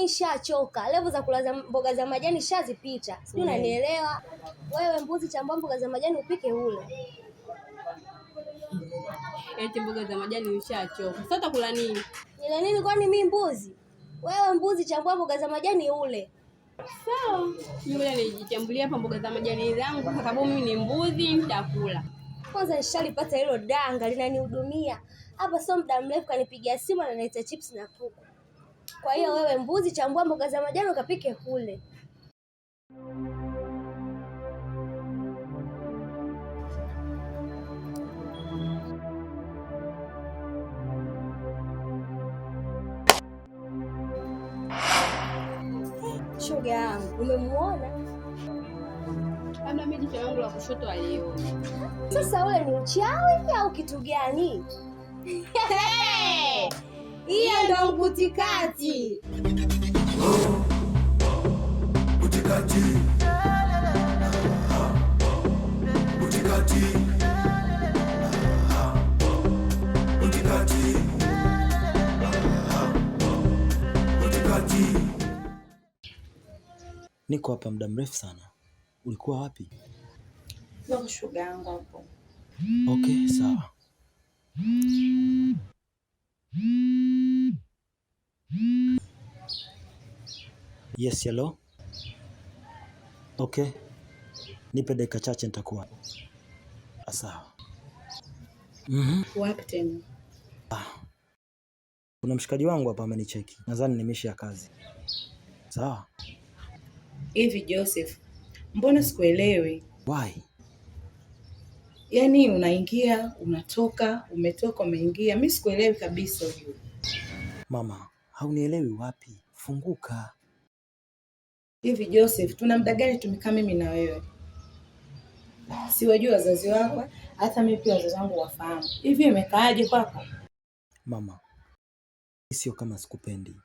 mi shachoka, levo za kula za mboga za majani shazipita, sijui mm. unanielewa wewe. Mbuzi chambua mboga za majani upike ule. Eti mboga za majani ushachoka, sasa utakula nini? Nile nini? Kwani mi mbuzi? Wewe mbuzi chambua mboga za majani ule. Sawa, mimi nijichambulia hapa mboga za majani zangu kwa sababu mimi ni mbuzi, nitakula kwanza nishalipata hilo danga linanihudumia hapa, sio muda mrefu kanipigia simu na naita chips na kuku. Kwa hiyo wewe mbuzi, chambua mboga za majani ukapike kule. Shoga yangu umemuona? Labda mimi jicho langu Sasa wewe ni uchawi au kitu gani? Hiyo ndo mkutikati. Niko hapa muda mrefu sana. Ulikuwa wapi? yangu hapo. Okay, sawa. Yes, hello. Okay, nipe dakika chache nitakuwa ah, sawa. mm -hmm. Wapi tena? Ah. Kuna mshikaji wangu hapa amenicheki, nadhani nimeisha ya kazi. Sawa. Hivi Joseph, mbona sikuelewi? Why? Yaani unaingia unatoka, umetoka umeingia, mi sikuelewi kabisa. Mama, haunielewi wapi? Funguka. Hivi Joseph, tuna muda gani tumekaa mimi na wewe? wajua wazazi wako, hata mimi pia wazazi wangu wafahamu. Hivi imekaaje kwako? Mama, sio kama sikupendi,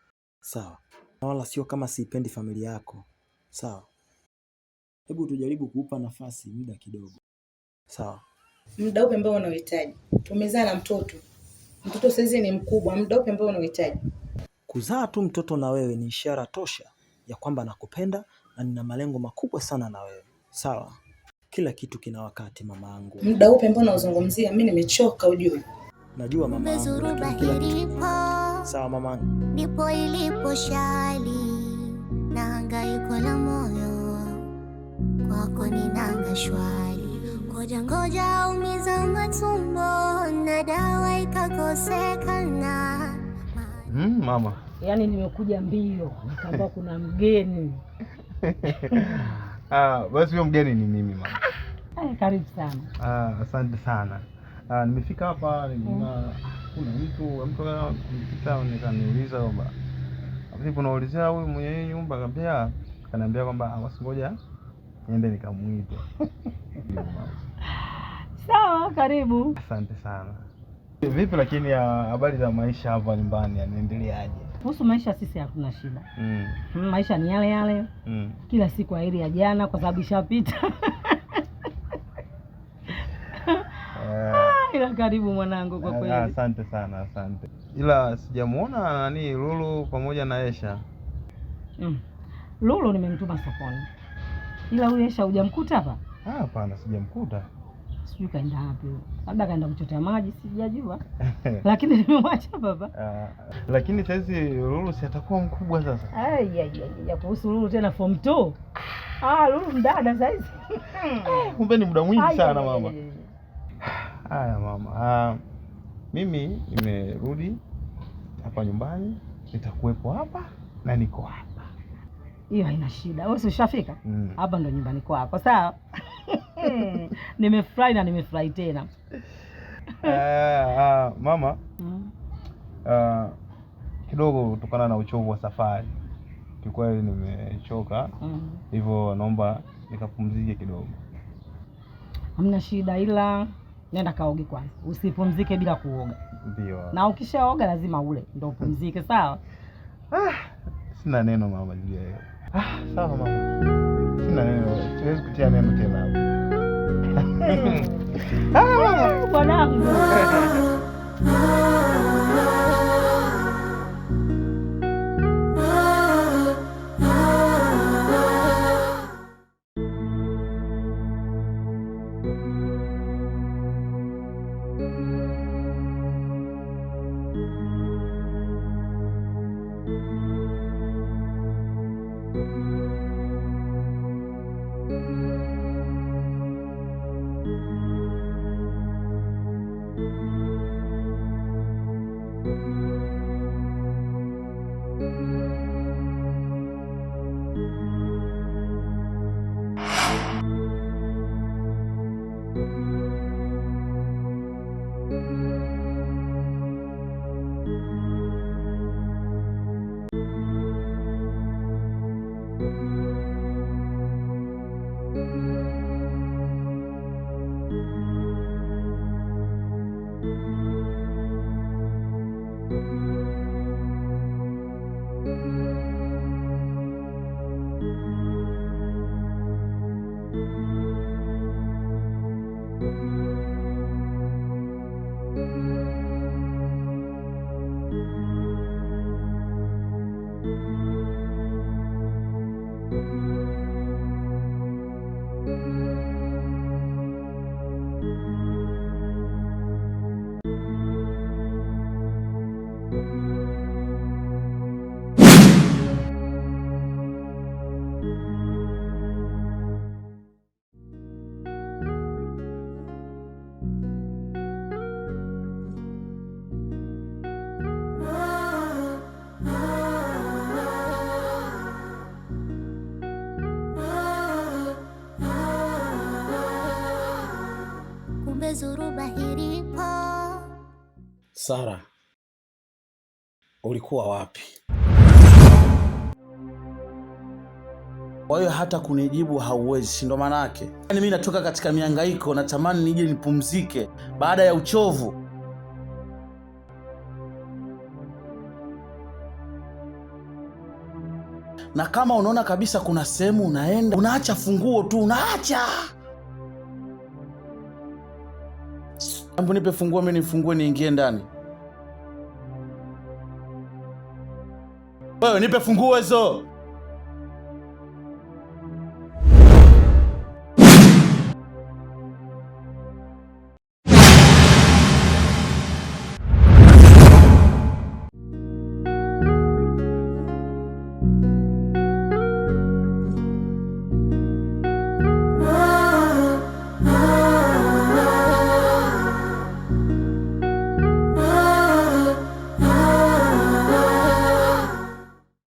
sawa, na wala sio kama siipendi familia yako, sawa. Hebu tujaribu kuupa nafasi muda kidogo, sawa. Muda upi ambao unahitaji? Tumezaa na mtoto, mtoto saizi ni mkubwa. Muda upi ambao unahitaji? Kuzaa tu mtoto na wewe ni ishara tosha ya kwamba nakupenda na nina malengo makubwa sana na wewe. Sawa, kila kitu kina wakati mamaangu. Muda upe, mbona uzungumzia? Mimi nimechoka ujue. Najua mama yangu, Sawa mamangu, ndipo ilipo shali na hangaiko la moyo kwako ninanga shwari, ngoja ngoja, umiza matumbo na dawa ikakosekana. Mm, mama yaani nimekuja mbio nikaambiwa kuna mgeni. Ah, basi huyo mgeni ni mimi mama. Ay, eh, karibu sana. Ah, asante sana. Ah, nimefika hapa nimeona mm. ah, kuna mtu mtu anapita nikaniuliza kwamba vipi unaulizia huyu mwenye nyumba kabia, kaniambia kwamba ah, basi ngoja niende nikamuite. Sawa, karibu. Asante sana. Vipi lakini ah, habari za maisha hapa nyumbani yanaendeleaje? kuhusu maisha sisi hatuna shida mm. mm. maisha ni yale yale mm. kila siku aheri ya jana kwa sababu ishapita eh. ila karibu mwanangu, kwa kweli ah, asante sana, asante. Ila sijamuona nani Lulu pamoja na Esha mm. Lulu nimemtuma sokoni, ila huyu Esha hujamkuta hapa? Ah, hapana, sijamkuta sijui kaenda wapi, labda kaenda kuchota maji, sijajua lakini nimemwacha baba. Ah, lakini saizi Lulu si atakuwa mkubwa sasa. Ya kuhusu Lulu tena form 2 ah, Lulu mdada saizi ah, kumbe ni muda mwingi sana mama. Haya mama, ah, mimi nimerudi hapa nyumbani, nitakuwepo hapa na niko hapa. Hiyo haina shida, wewe ushafika mm. hapa? Mm, ndo nyumbani kwako, sawa Hmm. Nimefurahi na nimefurahi tena. Uh, uh, mama Uh, kidogo kutokana na uchovu wa safari kiukweli nimechoka hmm. hivyo Naomba nikapumzike kidogo. Hamna shida, ila nenda kaoge kwanza, usipumzike bila kuoga. Ndio, na ukishaoga lazima ule ndio upumzike. Sawa. Ah, sina neno mama juu Ah, sawa mama, sina neno, siwezi kutia neno tena. Ah! Bwanangu. Sara, ulikuwa wapi? Kwa hiyo hata kunijibu hauwezi, si ndo maana yake? Yaani mimi natoka katika mihangaiko, natamani nije nipumzike baada ya uchovu. Na kama unaona kabisa kuna sehemu unaenda, unaacha funguo tu, unaacha ambu, nipe funguo mimi nifungue niingie ndani. Wewe nipe funguo hizo.